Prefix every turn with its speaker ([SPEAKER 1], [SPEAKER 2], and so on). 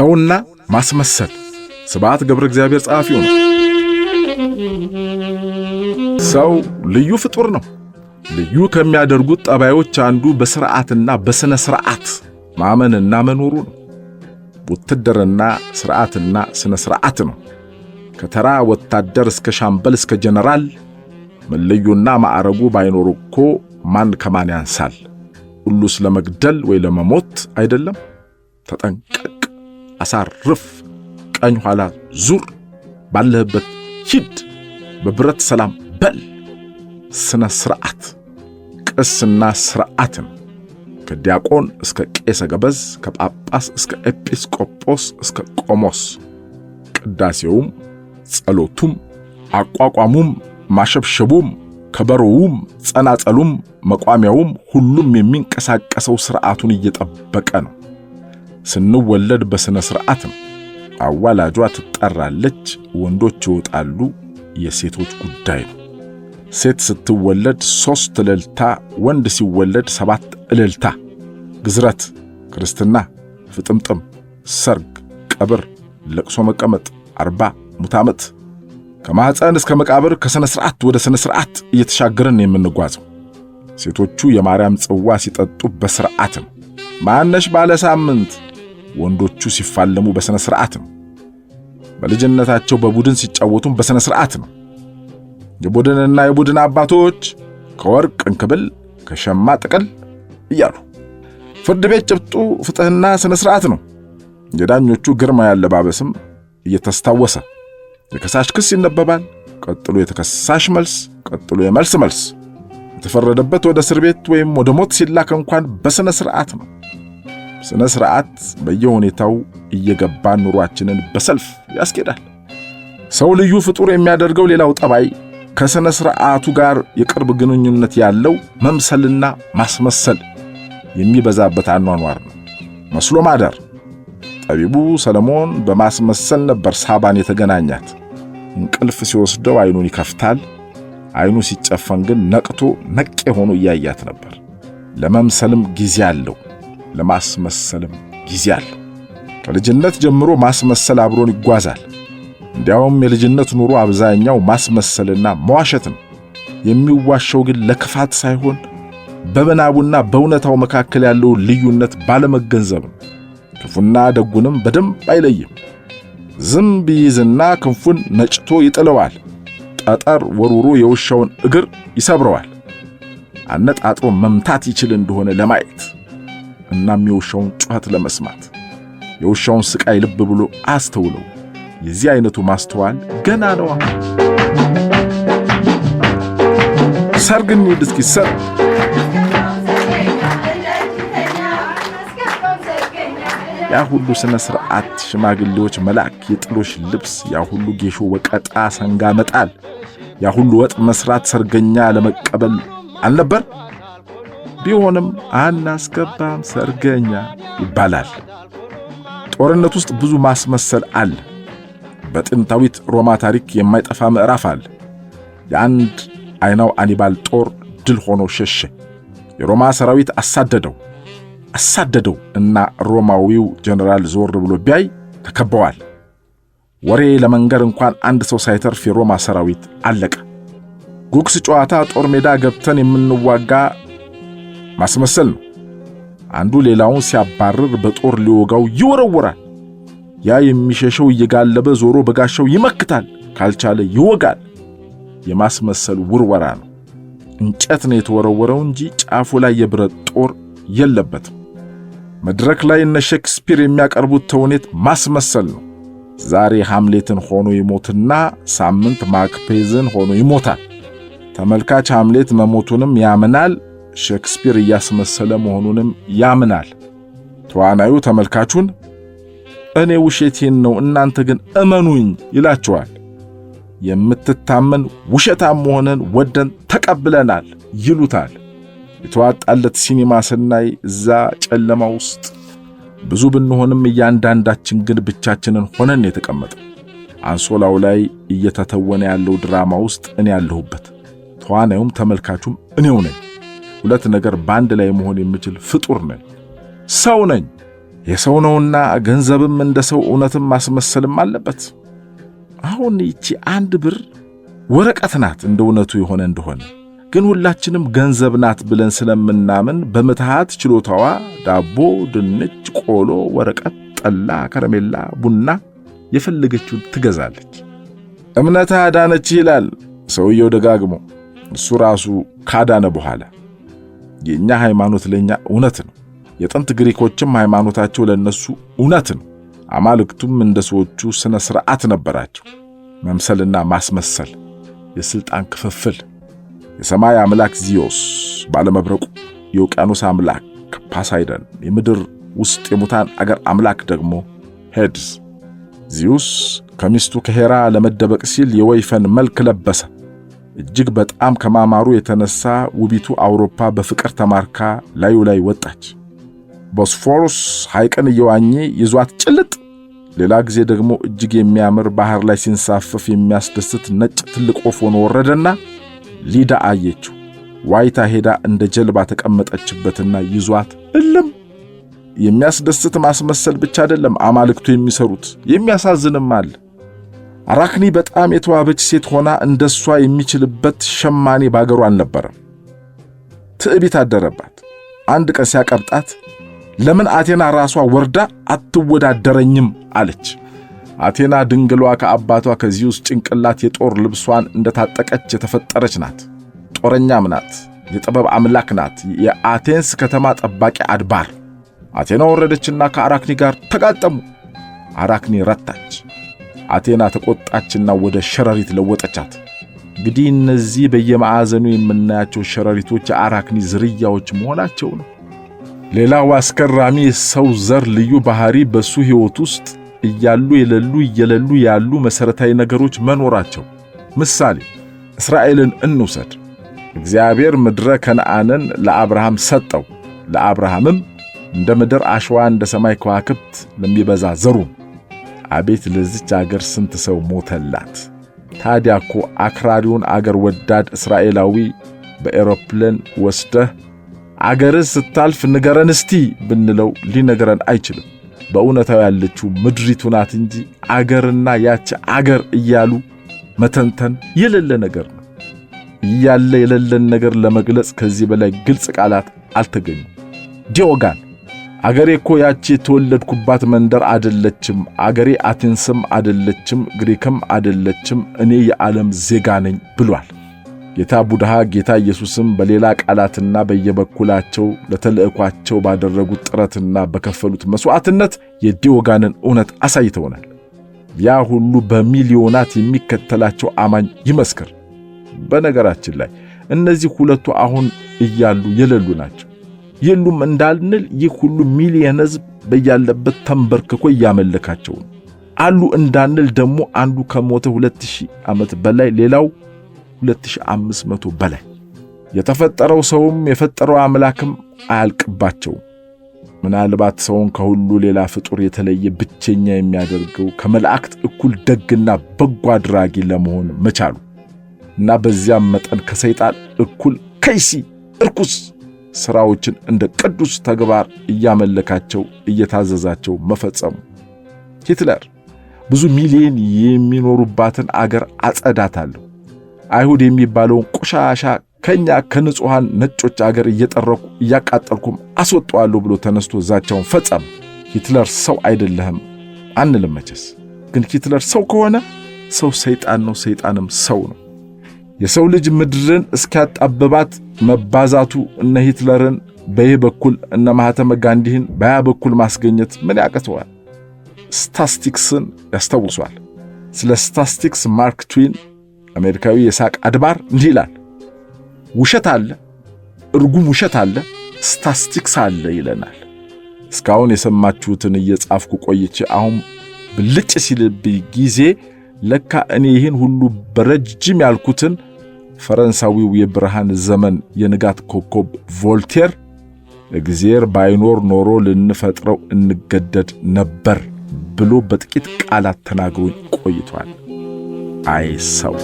[SPEAKER 1] ሰውና ማስመሰል። ስብዓት ገብረ እግዚአብሔር ጸሐፊው ነው። ሰው ልዩ ፍጡር ነው። ልዩ ከሚያደርጉት ጠባዮች አንዱ በስርዓትና በሥነ ሥርዓት ማመንና መኖሩ ነው። ውትድርና ስርዓትና ስነ ስርዓት ነው። ከተራ ወታደር እስከ ሻምበል እስከ ጀነራል መለዩና ማዕረጉ ባይኖር እኮ ማን ከማን ያንሳል? ሁሉ ለመግደል ወይ ለመሞት አይደለም። ተጠንቀቅ አሳርፍ፣ ቀኝ ኋላ ዙር፣ ባለህበት ሂድ፣ በብረት ሰላም በል። ስነ ስርዓት ቅስና ስርዓትን ከዲያቆን እስከ ቄሰ ገበዝ ከጳጳስ እስከ ኤጲስቆጶስ እስከ ቆሞስ፣ ቅዳሴውም ጸሎቱም አቋቋሙም ማሸብሸቡም ከበሮውም ጸናጸሉም መቋሚያውም ሁሉም የሚንቀሳቀሰው ሥርዓቱን እየጠበቀ ነው። ስንወለድ በሥነ ሥርዓት ነው። አዋላጇ ትጠራለች፣ ወንዶች ይወጣሉ፣ የሴቶች ጉዳይ ነው። ሴት ስትወለድ ሦስት እልልታ፣ ወንድ ሲወለድ ሰባት እልልታ። ግዝረት፣ ክርስትና፣ ፍጥምጥም፣ ሰርግ፣ ቀብር፣ ለቅሶ መቀመጥ፣ አርባ ሙታመት ዓመት። ከማኅፀን እስከ መቃብር ከሥነ ሥርዓት ወደ ሥነ ሥርዓት እየተሻገርን የምንጓዘው ሴቶቹ የማርያም ጽዋ ሲጠጡ በሥርዓት ነው። ማነሽ ባለ ሳምንት ወንዶቹ ሲፋለሙ በሥነ ሥርዓት ነው። በልጅነታቸው በቡድን ሲጫወቱም በሥነ ሥርዓት ነው። የቡድንና የቡድን አባቶች ከወርቅ እንክብል ከሸማ ጥቅል እያሉ ፍርድ ቤት ጭብጡ ፍጥህና ሥነ ሥርዓት ነው። የዳኞቹ ግርማ ያለባበስም እየተስታወሰ የከሳሽ ክስ ይነበባል። ቀጥሎ የተከሳሽ መልስ፣ ቀጥሎ የመልስ መልስ። የተፈረደበት ወደ እስር ቤት ወይም ወደ ሞት ሲላክ እንኳን በሥነ ሥርዓት ነው። ስነ ስርዓት በየሁኔታው እየገባ ኑሯችንን በሰልፍ ያስኬዳል። ሰው ልዩ ፍጡር የሚያደርገው ሌላው ጠባይ ከስነ ስርዓቱ ጋር የቅርብ ግንኙነት ያለው መምሰልና ማስመሰል የሚበዛበት አኗኗር ነው። መስሎ ማደር። ጠቢቡ ሰለሞን በማስመሰል ነበር ሳባን የተገናኛት። እንቅልፍ ሲወስደው አይኑን ይከፍታል። አይኑ ሲጨፈን ግን ነቅቶ ነቄ ሆኖ እያያት ነበር። ለመምሰልም ጊዜ አለው። ለማስመሰልም ጊዜ አለው። ከልጅነት ጀምሮ ማስመሰል አብሮን ይጓዛል። እንዲያውም የልጅነት ኑሮ አብዛኛው ማስመሰልና መዋሸት ነው። የሚዋሸው ግን ለክፋት ሳይሆን በምናቡና በእውነታው መካከል ያለውን ልዩነት ባለመገንዘብ ነው። ክፉና ደጉንም በደንብ አይለይም። ዝም ቢይዝና ክንፉን ነጭቶ ይጥለዋል። ጠጠር ወርውሮ የውሻውን እግር ይሰብረዋል። አነጣጥሮ መምታት ይችል እንደሆነ ለማየት እናም የውሻውን ጩኸት ለመስማት የውሻውን ስቃይ ልብ ብሎ አስተውለው። የዚህ አይነቱ ማስተዋል ገና ነዋ። ሰርግ እንሂድ እስኪ ሰርግ ያ ሁሉ ስነ ስርዓት፣ ሽማግሌዎች መልአክ፣ የጥሎሽ ልብስ፣ ያ ሁሉ ጌሾ ወቀጣ፣ ሰንጋ መጣል፣ ያ ሁሉ ወጥ መስራት ሰርገኛ ለመቀበል አልነበር? ቢሆንም አናስገባም ሰርገኛ ይባላል። ጦርነት ውስጥ ብዙ ማስመሰል አለ። በጥንታዊት ሮማ ታሪክ የማይጠፋ ምዕራፍ አለ። የአንድ አይናው አኒባል ጦር ድል ሆኖ ሸሸ። የሮማ ሰራዊት አሳደደው አሳደደው እና ሮማዊው ጀነራል ዞር ብሎ ቢያይ ተከበዋል። ወሬ ለመንገር እንኳን አንድ ሰው ሳይተርፍ የሮማ ሰራዊት አለቀ። ጉግስ ጨዋታ ጦር ሜዳ ገብተን የምንዋጋ ማስመሰል ነው። አንዱ ሌላውን ሲያባርር በጦር ሊወጋው ይወረወራል። ያ የሚሸሸው እየጋለበ ዞሮ በጋሻው ይመክታል፣ ካልቻለ ይወጋል። የማስመሰል ውርወራ ነው። እንጨት ነው የተወረወረው እንጂ ጫፉ ላይ የብረት ጦር የለበትም። መድረክ ላይ እነ ሼክስፒር የሚያቀርቡት ተውኔት ማስመሰል ነው። ዛሬ ሃምሌትን ሆኖ ይሞትና ሳምንት ማክፔዝን ሆኖ ይሞታል። ተመልካች ሃምሌት መሞቱንም ያምናል፣ ሼክስፒር እያስመሰለ መሆኑንም ያምናል። ተዋናዩ ተመልካቹን እኔ ውሸቴን ነው እናንተ ግን እመኑኝ ይላቸዋል። የምትታመን ውሸታም መሆንን ወደን ተቀብለናል ይሉታል። የተዋጣለት ሲኒማ ስናይ እዛ ጨለማ ውስጥ ብዙ ብንሆንም እያንዳንዳችን ግን ብቻችንን ሆነን የተቀመጠ አንሶላው ላይ እየተተወነ ያለው ድራማ ውስጥ እኔ ያለሁበት፣ ተዋናዩም ተመልካቹም እኔው ነኝ። ሁለት ነገር በአንድ ላይ መሆን የምችል ፍጡር ነኝ። ሰው ነኝ። የሰው ነውና ገንዘብም እንደ ሰው እውነትም ማስመሰልም አለበት። አሁን ይቺ አንድ ብር ወረቀት ናት እንደ እውነቱ የሆነ እንደሆነ ግን ሁላችንም ገንዘብ ናት ብለን ስለምናምን በምትሃት ችሎታዋ ዳቦ፣ ድንች፣ ቆሎ፣ ወረቀት፣ ጠላ፣ ከረሜላ፣ ቡና የፈለገችውን ትገዛለች። እምነታ አዳነችህ ይላል ሰውየው ደጋግሞ እሱ ራሱ ካዳነ በኋላ የእኛ ሃይማኖት ለእኛ እውነት ነው። የጥንት ግሪኮችም ሃይማኖታቸው ለእነሱ እውነት ነው። አማልክቱም እንደ ሰዎቹ ሥነ ሥርዓት ነበራቸው። መምሰልና ማስመሰል፣ የሥልጣን ክፍፍል። የሰማይ አምላክ ዚዮስ ባለመብረቁ፣ የውቅያኖስ አምላክ ፓሳይደን፣ የምድር ውስጥ የሙታን አገር አምላክ ደግሞ ሄድስ። ዚዩስ ከሚስቱ ከሄራ ለመደበቅ ሲል የወይፈን መልክ ለበሰ። እጅግ በጣም ከማማሩ የተነሳ ውቢቱ አውሮፓ በፍቅር ተማርካ ላዩ ላይ ወጣች። ቦስፎሩስ ሐይቅን እየዋኘ ይዟት ጭልጥ፣ ሌላ ጊዜ ደግሞ እጅግ የሚያምር ባህር ላይ ሲንሳፈፍ የሚያስደስት ነጭ ትልቅ ወፍ ሆኖ ወረደና ሊዳ አየችው። ዋይታ ሄዳ እንደ ጀልባ ተቀመጠችበትና ይዟት እልም። የሚያስደስት ማስመሰል ብቻ አይደለም አማልክቱ የሚሰሩት፣ የሚያሳዝንም አለ። አራክኒ በጣም የተዋበች ሴት ሆና እንደሷ የሚችልበት ሸማኔ ባገሩ አልነበረም። ትዕቢት አደረባት። አንድ ቀን ሲያቀብጣት ለምን አቴና ራሷ ወርዳ አትወዳደረኝም አለች። አቴና ድንግሏ ከአባቷ ከዚዩስ ጭንቅላት የጦር ልብሷን እንደታጠቀች የተፈጠረች ናት። ጦረኛም ናት። የጥበብ አምላክ ናት። የአቴንስ ከተማ ጠባቂ አድባር። አቴና ወረደችና ከአራክኒ ጋር ተጋጠሙ። አራክኒ ረታች። አቴና ተቆጣችና ወደ ሸረሪት ለወጠቻት። እንግዲህ እነዚህ በየማዕዘኑ የምናያቸው ሸረሪቶች የአራክኒ ዝርያዎች መሆናቸው ነው። ሌላው አስገራሚ የሰው ዘር ልዩ ባህሪ በሱ ሕይወት ውስጥ እያሉ የሌሉ እየሌሉ ያሉ መሠረታዊ ነገሮች መኖራቸው። ምሳሌ እስራኤልን እንውሰድ። እግዚአብሔር ምድረ ከነአንን ለአብርሃም ሰጠው። ለአብርሃምም እንደ ምድር አሸዋ እንደ ሰማይ ከዋክብት ለሚበዛ ዘሩም አቤት ለዚች አገር ስንት ሰው ሞተላት! ታዲያ እኮ አክራሪውን አገር ወዳድ እስራኤላዊ በኤሮፕላን ወስደህ አገር ስታልፍ ንገረን እስቲ ብንለው ሊነገረን አይችልም። በእውነታው ያለችው ምድሪቱ ናት እንጂ አገርና ያች አገር እያሉ መተንተን የሌለ ነገር ነው። እያለ የሌለን ነገር ለመግለጽ ከዚህ በላይ ግልጽ ቃላት አልተገኙም። ዲዮጋን አገሬ እኮ ያቺ የተወለድኩባት መንደር አደለችም። አገሬ አቴንስም አደለችም፣ ግሪክም አደለችም። እኔ የዓለም ዜጋ ነኝ ብሏል። ጌታ ቡድሃ ጌታ ኢየሱስም በሌላ ቃላትና በየበኩላቸው ለተልእኳቸው ባደረጉት ጥረትና በከፈሉት መሥዋዕትነት የዲዮጋንን እውነት አሳይተውናል። ያ ሁሉ በሚሊዮናት የሚከተላቸው አማኝ ይመስክር። በነገራችን ላይ እነዚህ ሁለቱ አሁን እያሉ የሌሉ ናቸው። የሉም እንዳልንል ይህ ሁሉ ሚሊየን ህዝብ በያለበት ተንበርክኮ እያመለካቸው ነው። አሉ እንዳንል ደግሞ አንዱ ከሞተ 2000 ዓመት በላይ ሌላው 2500 በላይ የተፈጠረው ሰውም የፈጠረው አምላክም አያልቅባቸውም። ምናልባት ሰውን ከሁሉ ሌላ ፍጡር የተለየ ብቸኛ የሚያደርገው ከመላእክት እኩል ደግና በጎ አድራጊ ለመሆን መቻሉ እና በዚያም መጠን ከሰይጣን እኩል ከይሲ እርኩስ ሥራዎችን እንደ ቅዱስ ተግባር እያመለካቸው እየታዘዛቸው መፈጸሙ። ሂትለር ብዙ ሚሊዮን የሚኖሩባትን አገር አጸዳታለሁ፣ አይሁድ የሚባለውን ቆሻሻ ከኛ ከንጹሐን ነጮች አገር እየጠረኩ እያቃጠልኩም አስወጣዋለሁ ብሎ ተነስቶ ዛቻውን ፈጸም። ሂትለር ሰው አይደለህም አንልም መቼስ። ግን ሂትለር ሰው ከሆነ ሰው ሰይጣን ነው፣ ሰይጣንም ሰው ነው። የሰው ልጅ ምድርን እስኪያጣበባት መባዛቱ እነ ሂትለርን በይህ በኩል እነ ማህተመ ጋንዲህን በያ በኩል ማስገኘት ምን ያቅተዋል? ስታስቲክስን ያስታውሷል። ስለ ስታስቲክስ ማርክ ትዊን አሜሪካዊ የሳቅ አድባር እንዲህ ይላል፣ ውሸት አለ፣ እርጉም ውሸት አለ፣ ስታስቲክስ አለ ይለናል። እስካሁን የሰማችሁትን እየጻፍኩ ቆይቼ አሁን ብልጭ ሲልብ ጊዜ ለካ እኔ ይህን ሁሉ በረጅም ያልኩትን ፈረንሳዊው የብርሃን ዘመን የንጋት ኮከብ ቮልቴር እግዚአብሔር ባይኖር ኖሮ ልንፈጥረው እንገደድ ነበር ብሎ በጥቂት ቃላት ተናግሮኝ ቆይቷል። አይ ሰው